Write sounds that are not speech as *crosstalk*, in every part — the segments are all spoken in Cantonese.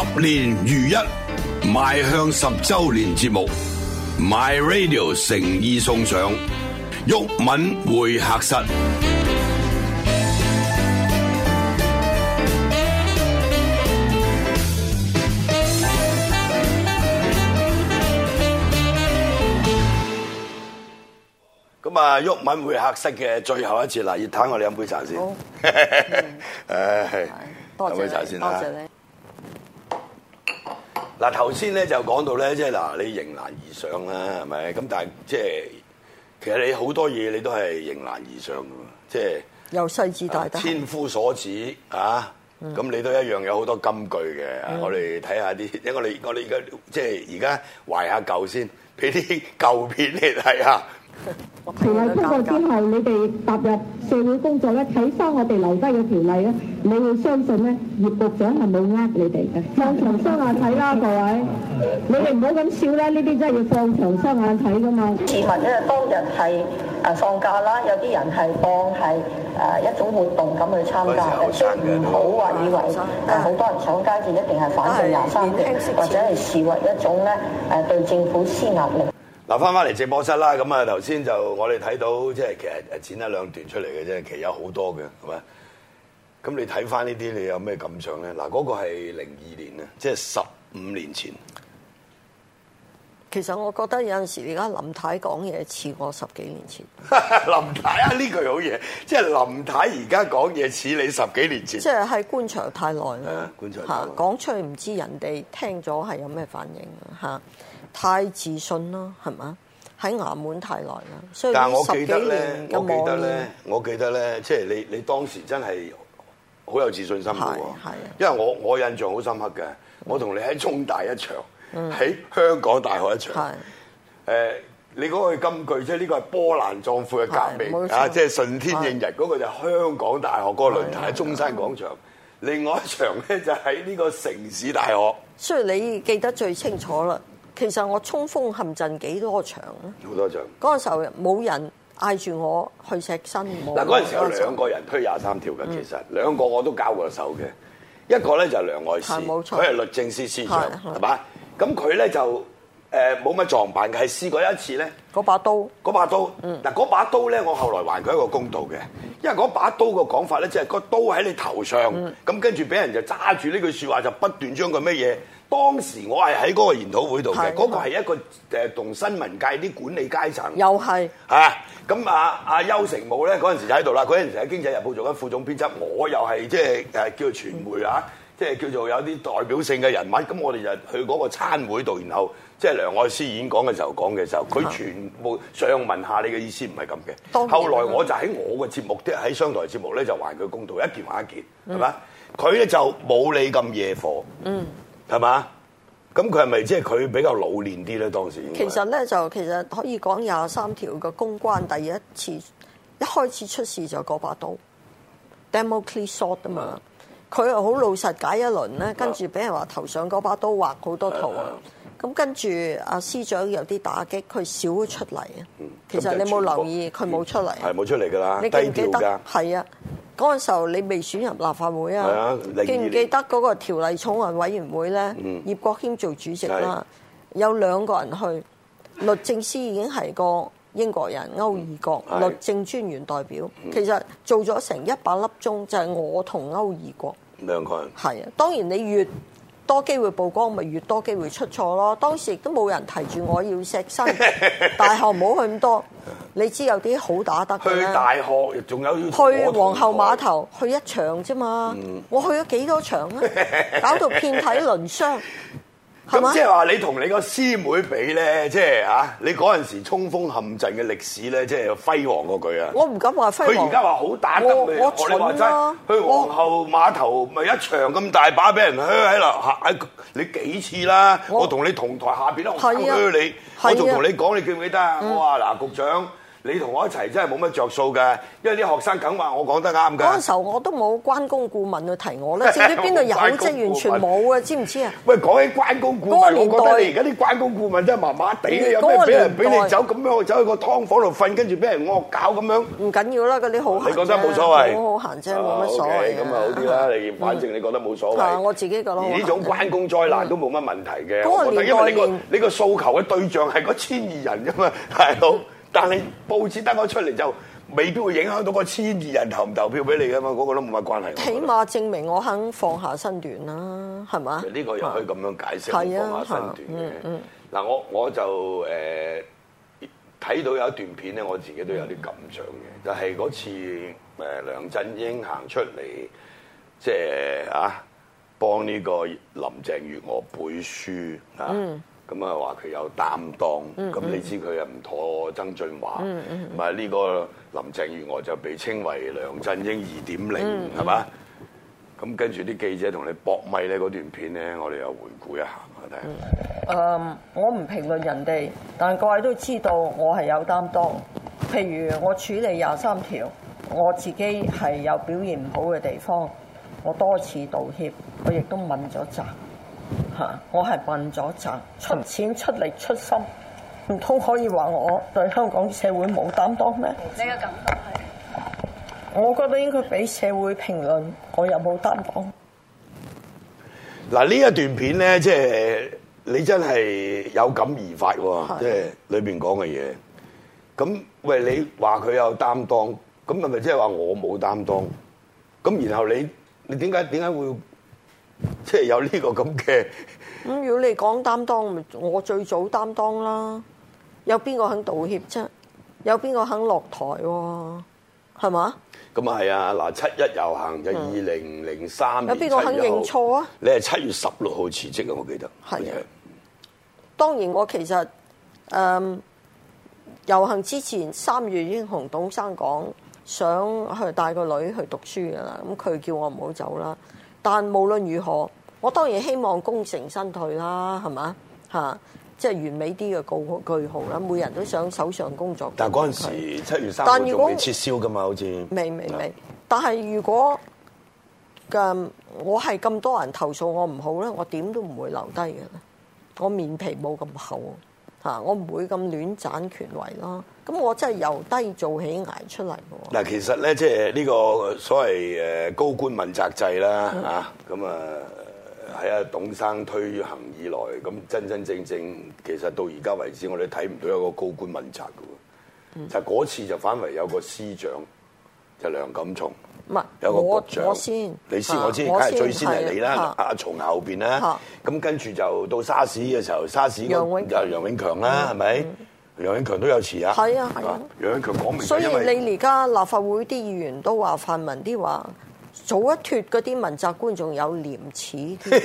十年如一，邁向十周年節目，My Radio 誠意送上。毓民會客室。咁啊，毓民會客室嘅最後一次啦，要坦我哋飲杯茶先。好， *laughs* 多謝你。先嗱，頭先咧就講到咧，即係嗱，你迎難而上啦，係咪？咁但係即係其實你好多嘢，你都係迎難而上嘅，即係由細至大，千夫所指啊！咁、嗯、你都一樣有好多金句嘅、嗯，我哋睇下啲，因為我哋我哋而家即係而家懷下舊先，俾啲舊片你睇下。 *laughs* 條例通過之後，你哋踏入社會工作咧，睇翻我哋留低嘅條例咧，你會相信咧，葉局長係冇呃你哋嘅。放長雙眼睇啦，各位，你哋唔好咁笑啦，呢啲真係要放長雙眼睇噶嘛。市民因為當日係誒放假啦，有啲人係當係誒一種活動咁去參加，唔好話以為係好多人搶街佔，一定係反對廿三條或者係視為一種咧誒對政府施壓力。嗱，翻翻嚟直播室啦，咁啊，頭先就我哋睇到，即係其實剪一兩段出嚟嘅啫，其實有好多嘅，係咪？咁你睇翻呢啲，你有咩感想咧？嗱，嗰個係零二年啊，即係十五年前。其實我覺得有陣時而家林太講嘢似我十幾年前。 *laughs* 林太啊，呢句好嘢，即係林太而家講嘢似你十幾年前。即係喺官場太耐啦，官場嚇講出去唔知人哋聽咗係有咩反應啊嚇。太自信啦，係嘛？喺衙門太耐啦，所以十幾年有冇？記得咧，我記得咧，即係、就是、你你當時真係好有自信心嘅喎。係啊，因為我我印象好深刻嘅，我同你喺中大一場，喺、嗯、香港大學一場。係。誒、呃，你講句金句，即係呢個係波瀾壯闊嘅革命啊！即係順天應日、順天應人嗰，那個就是香港大學嗰個論壇喺中山廣場，另外一場咧就喺呢個城市大學。所以你記得最清楚啦。嗯其實我衝鋒陷陣幾多，多場啊？好多場嗰陣時候冇人嗌住我去赤身。嗱，嗰陣時有兩個人推廿三條嘅，嗯、其實兩個我都交過手嘅。一個咧就梁愛詩，冇錯，佢係律政司司長，係嘛？咁佢咧就誒冇乜撞板嘅，係試過一次咧。嗰把刀，嗰把刀。嗱、嗯、嗰把刀咧，我後來還佢一個公道嘅，因為嗰把刀嘅講法咧，即係個刀喺你頭上，咁跟住俾人就揸住呢句説話，就不斷將佢乜嘢？當時我係喺嗰個研討會度嘅，嗰、嗰個係一個誒同新聞界啲管理階層，又係嚇咁啊，啊邱成武咧嗰陣時就喺度啦，嗰陣時喺《經濟日報》做緊副總編輯，我又係即係誒叫做傳媒嚇，嗯，即係叫做有啲代表性嘅人物。咁我哋就去嗰個餐會度，然後即係梁愛詩演講嘅時候講嘅時候，佢全部想問下你嘅意思唔係咁嘅。後來我就喺我嘅節目即喺商台節目咧就還佢公道一件還一件，係咪？佢咧就冇你咁惹火。嗯。係嘛？咁佢係咪即係佢比較老練啲咧？當時其實咧就其實可以講廿三條嘅公關第一次一開始出事就嗰把刀 Damocles sword 啊嘛！佢又好老實解一輪咧、嗯，跟住俾人話頭上嗰把刀畫好多圖啊！咁、嗯嗯、跟住啊司長有啲打擊，佢少咗出嚟啊、嗯！其實你冇留意佢冇、嗯、出嚟，係、嗯、冇出嚟㗎啦！你記唔記得係啊？嗰陣時候你未選入立法會啊？記唔記得嗰個條例草案委員會呢？嗯、葉國謙做主席啦，有兩個人去律政司已經係個英國人歐二國律政專員代表。嗯、其實做咗成一百粒鐘，就係、是、我同歐二國兩個人。係啊，當然你越多機會曝光，咪越多機會出錯咯。當時亦都冇人提住我要錫身， *laughs* 大學唔好去咁多。你知有啲好打得嘅，去大學仲有去皇后碼頭去一場啫嘛。嗯、我去咗幾多場啊？搞到遍體鱗傷。咁 *laughs* 即係話你同你個師妹比咧，即係啊！你嗰陣時衝鋒陷陣嘅歷史咧，即係輝煌過佢啊！我唔敢話輝。佢而家話好打得，我蠢咯。去皇后碼頭咪一場咁大把俾人靴喺度，喺你幾次啦！我同你同台下邊都、啊、我靴你，啊、我仲同你講、啊，你記唔記得啊？我話嗱，局長。你同我一齊真係冇乜着數嘅，因為啲學生梗話我講得啱嘅。嗰陣時候我都冇關公顧問去提我咧，自己邊度有，即 *laughs* 係完全冇嘅，知唔知啊？喂，講起關公顧問，那個、我覺得你而家啲關公顧問真係麻麻地咧，那個、有咩俾人俾你走咁樣。我走去個劏房度瞓，跟住俾人惡搞咁樣。唔緊要啦，嗰啲好。你覺得冇所謂。好好閒啫，冇、哦、乜所謂。咁、okay，咪好啲啦，你、嗯、反正你覺得冇所謂。嗱，我自己覺得。呢種關公災難都冇乜問題嘅、那個，因為呢個呢訴求嘅對象係個千二人噶嘛，大佬。但係報紙登咗出嚟就未必會影響到個千二人投唔投票俾你噶嘛，嗰、那個都冇乜關係。起碼證明我肯放下身段啦，係、嗯、嘛？呢、這個又可以咁樣解釋、啊、放下身段嘅。嗱、啊啊嗯嗯，我我就誒睇、呃、到有一段片咧，我自己都有啲感想嘅。就係、是、嗰次誒梁振英行出嚟，即、就、係、是、啊幫呢個林鄭月娥背書啊。嗯咁啊，話佢有擔當，咁、嗯嗯、你知佢又唔妥曾俊華，唔係呢個林鄭月娥就被稱為梁振英二點零，係嘛？咁、嗯、跟住啲記者同你搏米咧，嗰段片咧，我哋又回顧一下，我睇下。誒，我唔評論人哋，但係各位都知道我係有擔當。譬如我處理廿三條，我自己係有表現唔好嘅地方，我多次道歉，我亦都問咗責。我係混咗陣，出錢出力出心，唔通可以話我對香港社會冇擔當咩？你嘅感覺係？我覺得應該俾社會評論，我有冇擔當。嗱呢一段片咧，即係你真係有感而發喎，即係裏邊講嘅嘢。咁喂，你話佢有擔當，咁係咪即係話我冇擔當？咁然後你，你點解點解會？即係有呢個咁嘅咁，如果你講擔當，我最早擔當啦。有邊個肯道歉啫？有邊個肯落台？係嘛？咁啊係啊！嗱，七一遊行就二零零三。有邊個肯認錯啊？你係七月十六號辭職啊？我記得係啊。當然，我其實誒，遊行之前，三月，已經同董生講想去帶個女去讀書噶啦。咁佢叫我唔好走啦。但無論如何，我當然希望功成身退啦，係嘛嚇，即係完美啲嘅告句號啦。每人都想手上工作。但嗰陣時七月三號仲未撤銷噶嘛，好似未未未。但係如果嘅、嗯、我係咁多人投訴我唔好咧，我點都唔會留低嘅。我面皮冇咁厚。啊、我唔會咁亂斬權威啦。咁我真係由低做起捱出嚟喎。嗱，其實咧，即係呢個所謂高官問責制啦，嚇、嗯、咁啊喺阿董生推行以來，咁真真正正其實到而家為止，我哋睇唔到有個高官問責㗎喎。就、嗯、嗰次就反為有個司長。嗯就梁錦松，有個局長我我先，你先我先，梗係最先係你啦。阿松後邊啦，咁跟住就到沙士嘅時候，沙士又楊永強啦，係咪？楊永強都有辭啊，楊永強講明。所以你而家立法會啲議員都話泛民啲話，早一脱嗰啲問責官仲有廉恥添。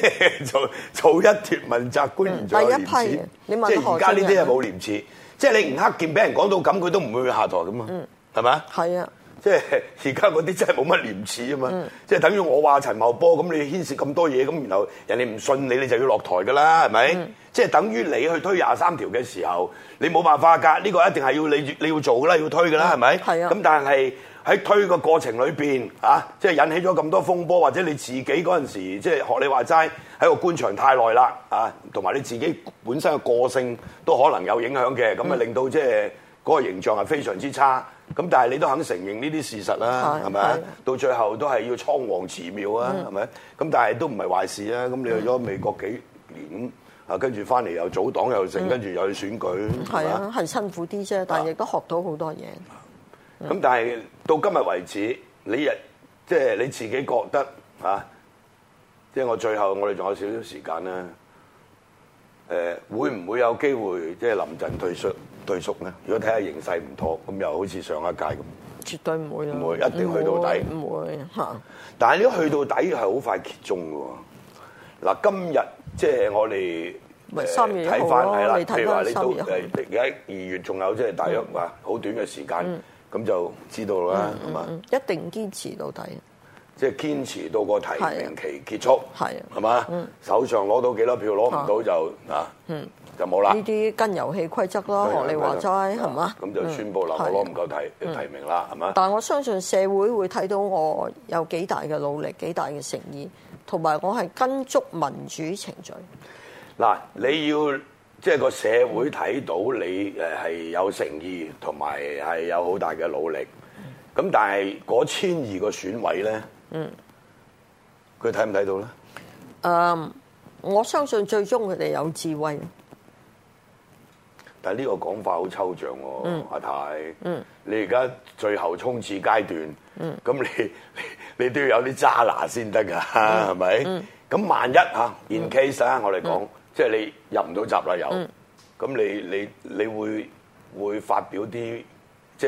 早 *laughs* 早一脱問責官、嗯，第一批你問而家呢啲係冇廉恥，嗯、即係你吳克儉俾人講到咁，佢都唔會去下台噶嘛，係咪啊？係啊。即係而家嗰啲真係冇乜廉恥啊嘛！即係等於我話陳茂波咁，你牽涉咁多嘢咁，然後人哋唔信你，你就要落台噶啦，係咪？即、嗯、係等於你去推廿三條嘅時候，你冇辦法㗎。呢、呢個一定係要你你要做㗎啦，要推㗎啦，係、嗯、咪？係啊。咁但係喺推個過程裏面，啊，即係引起咗咁多風波，或者你自己嗰陣時即係學你話齋喺個官場太耐啦啊，同埋你自己本身嘅個性都可能有影響嘅，咁、嗯、啊令到即係嗰個形象係非常之差。咁但係你都肯承認呢啲事實啦，係咪？到最後都係要倉皇辭廟啊，係咪？咁但係都唔係壞事啊！咁你去咗美國幾年啊？跟住翻嚟又組黨又成，跟住又去選舉，係啊，係辛苦啲啫，但係亦都學到好多嘢。咁但係到今日為止，你日，即係你自己覺得，啊，即係，我最後我哋仲有少少時間啦。誒、呃，會唔會有機會即係臨陣退出？退縮咧？如果睇下形勢唔妥，咁又好似上一屆咁。絕對唔會啦。唔會一定去到底。唔會，會但係呢去到底係好快揭盅嘅喎。嗱、嗯，今、就是呃、日即係我哋三月。睇翻係啦，譬如話你到誒，你二月仲有即係大約話好短嘅時間，咁、嗯、就知道啦。咁、嗯、啊、嗯嗯，一定堅持到底。即係堅持到個提名期結束，係嘛、嗯？手上攞到幾多票，攞唔到就啊，就冇啦。呢啲跟遊戲規則咯，學你話齋係嘛？咁就宣布喇，我攞唔夠提提名啦，係嘛？但係我相信社會會睇到我有幾大嘅努力、幾大嘅誠意，同埋我係跟足民主程序。嗱，你要即係個社會睇到你誒係有誠意，同埋係有好大嘅努力。咁、嗯、但係嗰千二個選委咧？嗯，佢睇唔睇到咧？嗯，我相信最終佢哋有智慧。但呢個講法好抽象喎、啊，阿、嗯、太、啊。嗯，你而家最後衝刺階段，嗯，咁你你，你都要有啲揸拿先得㗎，係、嗯、咪？咁、 *laughs* 嗯嗯、萬一吓，in case 啊、嗯，我哋講，即、嗯、係、就是、你入唔到閘啦，有咁、嗯、你你你會會發表啲，即、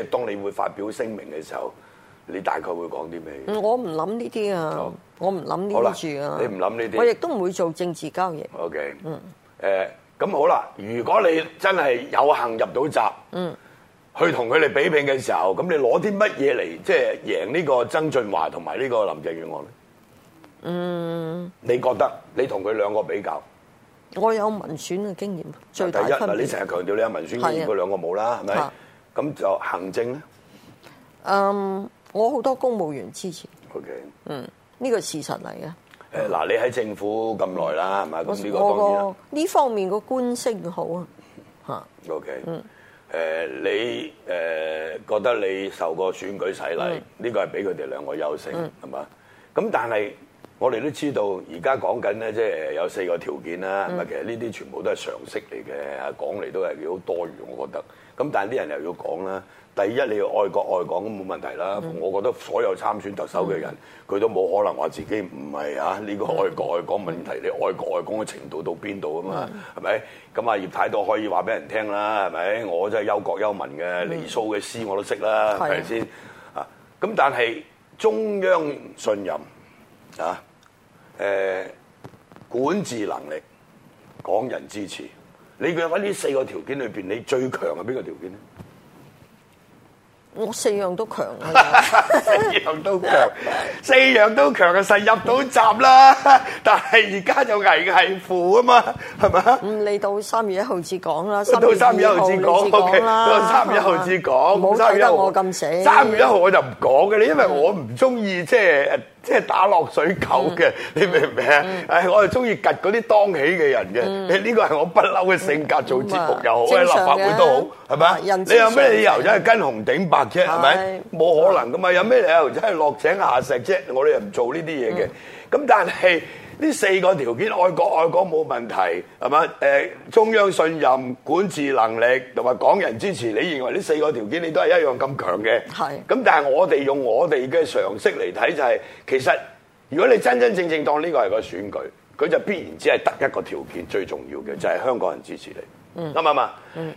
就、係、是、當你會發表聲明嘅時候。你大概會講啲咩？我唔諗呢啲啊，我唔諗呢啲住啊。你唔諗呢啲，我亦都唔會做政治交易。O K。嗯。咁好啦，如果你真係有幸入到閘，嗯、mm.，去同佢哋比拼嘅時候，咁你攞啲乜嘢嚟即係贏呢個曾俊華同埋呢個林鄭月娥咧？嗯、mm.。你覺得你同佢兩個比較？我有民選嘅經驗，最大分別。第一，你成日強調你有民選經驗，佢兩個冇啦，係咪？咁就行政咧。嗯、um。我好多公務員支持。O、okay、K，嗯，呢個事實嚟嘅。誒、呃、嗱，你喺政府咁耐啦，係、嗯、嘛？咁呢呢方面個官聲好啊。嚇、okay。O K，嗯。誒、呃、你誒、呃、覺得你受過選舉洗禮，呢個係俾佢哋兩個優勝係嘛？咁、嗯、但係我哋都知道現在，而家講緊咧，即係有四個條件啦。係咪？咁啊、嗯，其實呢啲全部都係常識嚟嘅，講嚟都係幾好多餘，我覺得。咁但係啲人又要講啦，第一你要愛國愛港都冇問題啦。我覺得所有參選特首嘅人，佢都冇可能話自己唔係啊呢個愛國愛港問題，你愛國愛港嘅程度到邊度啊嘛？係咪？咁啊葉太都可以話俾人聽啦，係咪？我真係憂國憂民嘅，離騷嘅詩我都識啦，係咪先？啊，咁但係中央信任啊、呃，管治能力，港人支持。你揀翻呢四個條件裏邊，你最強係邊個條件咧？我四樣都強啊！四樣都強，四樣都強嘅實入到閘啦。但係而家就危係苦啊嘛，係咪啊？嗯，你到三月一號至講啦。到三月一號至講啦。三月一號至講，唔好等我咁死。三月一號我就唔講嘅，你因為我唔中意即係即係打落水狗嘅，你明唔明啊？誒，我係中意趌嗰啲當起嘅人嘅。你呢個係我不嬲嘅性格，做節目又好，喺立法會都好，係咪啊？你有咩理由一係跟紅頂白？啫，係咪冇可能噶嘛？有咩理由真係落井下石啫？我哋又唔做呢啲嘢嘅。咁、嗯、但係呢四個條件，愛國愛港冇問題，係嘛？誒、呃，中央信任管治能力同埋港人支持你，你認為呢四個條件你都係一樣咁強嘅？係。咁但係我哋用我哋嘅常識嚟睇，就是，就係其實如果你真真正正當呢個係個選舉，佢就必然只係得一個條件最重要嘅，嗯，就係、是、香港人支持你。啱啊嘛，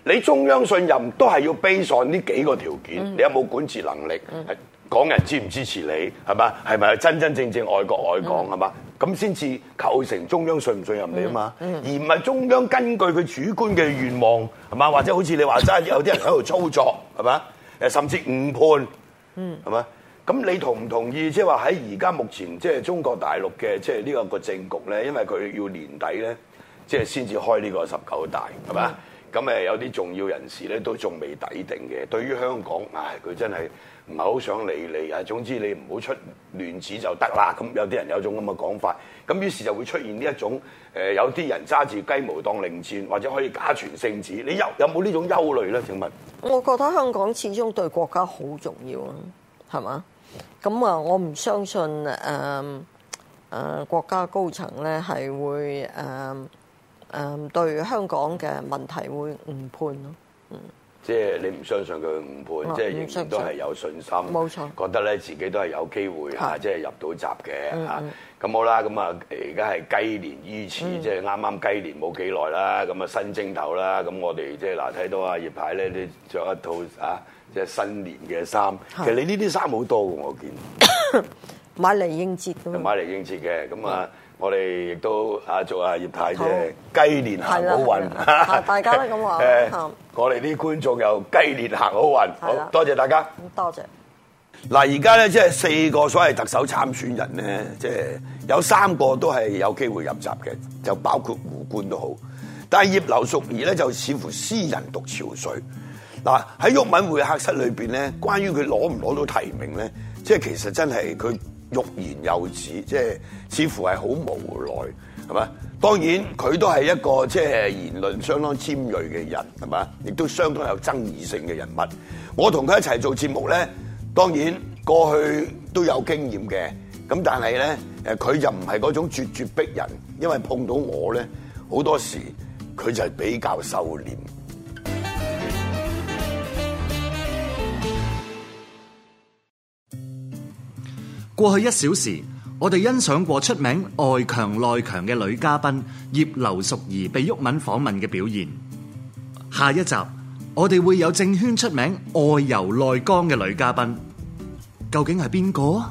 你中央信任都係要 base 上呢幾個條件，嗯、你有冇管治能力、嗯？港人支唔支持你？係嘛？係咪真真正正愛國愛港？係、嗯、嘛？咁先至構成中央信唔信任你啊嘛、嗯嗯？而唔係中央根據佢主觀嘅願望，係嘛？或者好似你話齋有啲人喺度操作，係嘛？誒，甚至誤判，係嘛？咁、嗯、你同唔同意？即係話喺而家目前即係中國大陸嘅即係呢個個政局咧，因為佢要年底咧。即係先至開呢個十九大係嘛？咁誒、嗯、有啲重要人士咧都仲未抵定嘅。對於香港，唉，佢真係唔係好想理你啊！總之你唔好出亂子就得啦。咁有啲人有種咁嘅講法，咁於是就會出現呢一種誒，有啲人揸住雞毛當令箭，或者可以假傳聖旨。你有有冇呢種憂慮咧？請問？我覺得香港始終對國家好重要啊，係嘛？咁啊，我唔相信誒誒、呃呃、國家高層咧係會誒。呃誒、嗯、對香港嘅問題會誤判咯，嗯，即係你唔相信佢誤判，哦、即係仍然都係有信心，冇錯，覺得咧自己都係有機會嗯嗯啊，即係入到閘嘅嚇，咁好啦，咁啊而家係雞年伊始，即係啱啱雞年冇幾耐啦，咁啊新正頭啦，咁我哋即係嗱睇到一啊，葉牌咧，你着一套啊，即係新年嘅衫，其實你呢啲衫好多嘅，我見 *laughs* 買嚟應節嘅，買嚟應節嘅，咁、嗯、啊。我哋亦都啊，祝阿葉太啫雞年行好運，大家都咁話。我哋啲觀眾又雞年行好運，好多謝大家。多謝嗱，而家咧即係四個所謂特首參選人咧，即係有三個都係有機會入閘嘅，就包括胡官都好。但係葉劉淑儀咧就似乎私人讀潮水嗱，喺毓民會客室裏邊咧，關於佢攞唔攞到提名咧，即係其實真係佢。欲言又止，即係似乎係好無奈，係咪？當然佢都係一個即係、就是、言論相當尖鋭嘅人，係咪？亦都相當有爭議性嘅人物。我同佢一齊做節目咧，當然過去都有經驗嘅。咁但係咧，誒佢就唔係嗰種咄咄逼人，因為碰到我咧，好多時佢就係比較收斂。過去一小時，我哋欣賞過出名外強內強的女嘉賓葉劉淑儀被毓民訪問嘅表現。下一集，我哋會有政圈出名外柔內剛嘅女嘉賓，究竟係邊個？